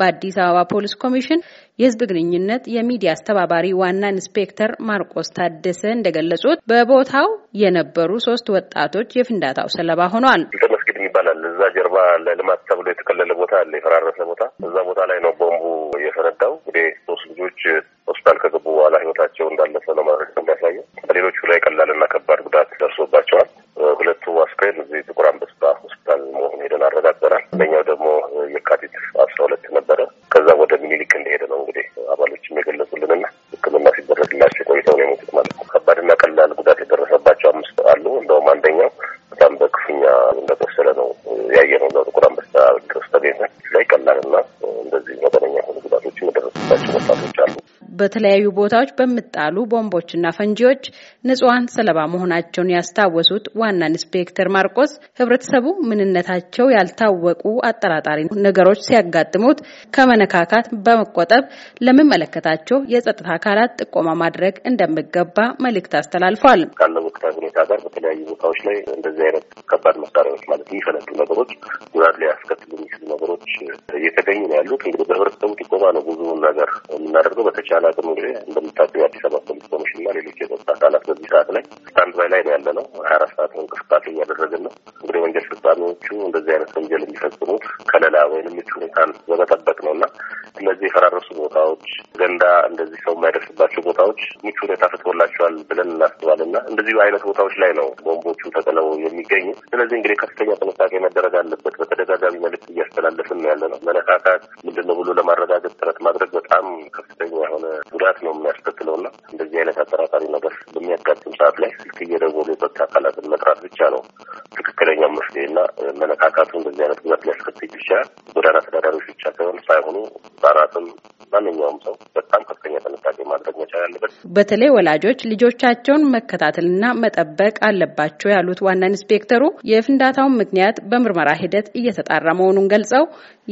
በአዲስ አበባ ፖሊስ ኮሚሽን የሕዝብ ግንኙነት የሚዲያ አስተባባሪ ዋና ኢንስፔክተር ማርቆስ ታደሰ እንደገለጹት በቦታው የነበሩ ሶስት ወጣቶች የፍንዳታው ሰለባ ሆኗል። መስጊድ ይባላል። እዛ ጀርባ ለልማት ተብሎ የተከለለ ቦታ አለ፣ የፈራረሰ ቦታ። እዛ ቦታ ላይ ነው ቦምቡ የፈነዳው። እንግዲህ ሶስት ልጆች ሚኒሊክ እንደሄደ ነው እንግዲህ አባሎችም የገለጹልን ና ሕክምና ሲደረግላቸው የቆይተው ነው የሞቱት ማለት ነው። ከባድና ቀላል ጉዳት የደረሰባቸው አምስት አሉ። እንደውም አንደኛው በጣም በክፉኛ እንደቆሰለ ነው ያየ ነው። እዛው ጥቁር አንበሳ ድረስ ተገኝተን ላይ ቀላልና እንደዚህ መጠነኛ የሆኑ ጉዳቶችም የደረሱባቸው ወጣቶች አሉ። በተለያዩ ቦታዎች በሚጣሉ ቦምቦችና ፈንጂዎች ንጹሐን ሰለባ መሆናቸውን ያስታወሱት ዋና ኢንስፔክተር ማርቆስ ህብረተሰቡ ምንነታቸው ያልታወቁ አጠራጣሪ ነገሮች ሲያጋጥሙት ከመነካካት በመቆጠብ ለሚመለከታቸው የጸጥታ አካላት ጥቆማ ማድረግ እንደሚገባ መልእክት አስተላልፏል። ካለው ሁኔታ ጋር በተለያዩ ቦታዎች ላይ እንደዚህ አይነት ከባድ መሳሪያዎች ማለት የሚፈነዱ ነገሮች ጉዳት ላይ ያስከትሉ የሚችሉ ነገሮች እየተገኙ ነው ያሉት እንግዲህ አበባ ነው ብዙ ነገር የምናደርገው። በተቻለ አቅም እንግዲህ እንደምታውቁ የአዲስ አበባ ፖሊስ ኮሚሽን ኮሚሽንና ሌሎች የጸጥታ አካላት በዚህ ሰዓት ላይ ስታንድ ባይ ላይ ነው ያለ ነው። ሀያ አራት ሰዓት እንቅስቃሴ እያደረግን ነው። እንግዲህ ወንጀል ፈጻሚዎቹ እንደዚህ አይነት ወንጀል የሚፈጽሙት ከለላ ወይም ምቹ ሁኔታን በመጠበቅ ነው እና እነዚህ የፈራረሱ ቦታዎች፣ ገንዳ እንደዚህ ሰው የማይደርስባቸው ቦታዎች ምቹ ሁኔታ ፈጥሮላቸዋል ብለን እናስባልና እንደዚሁ አይነት ቦታዎች ላይ ነው ቦምቦቹ ተጥለው የሚገኙ። ስለዚህ እንግዲህ ከፍተኛ ጥንቃቄ መደረግ አለበት። በተደጋጋሚ መልዕክት እያስተላለፍን ነው ያለ ነው። መነካካት ምንድን ነው ብሎ ለማረጋገጥ ጥረት ማድረግ በጣም ከፍተኛ የሆነ ጉዳት ነው የሚያስከትለውና እንደዚህ አይነት ነው መፍትሄ መፍትሄና መነካካቱ እንደዚህ አይነት ጉዳት ሊያስከትል ይችላል። ጎዳና ተዳዳሪዎች ብቻ ሳይሆን ሳይሆኑ ህጻናትም ማንኛውም ሰው በጣም ከፍተኛ ጥንቃቄ ማድረግ መቻል አለበት። በተለይ ወላጆች ልጆቻቸውን መከታተልና መጠበቅ አለባቸው ያሉት ዋና ኢንስፔክተሩ የፍንዳታውን ምክንያት በምርመራ ሂደት እየተጣራ መሆኑን ገልጸው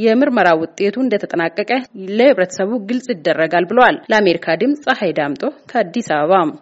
የምርመራ ውጤቱ እንደተጠናቀቀ ለህብረተሰቡ ግልጽ ይደረጋል ብለዋል። ለአሜሪካ ድምፅ ፀሐይ ዳምጦ ከአዲስ አበባ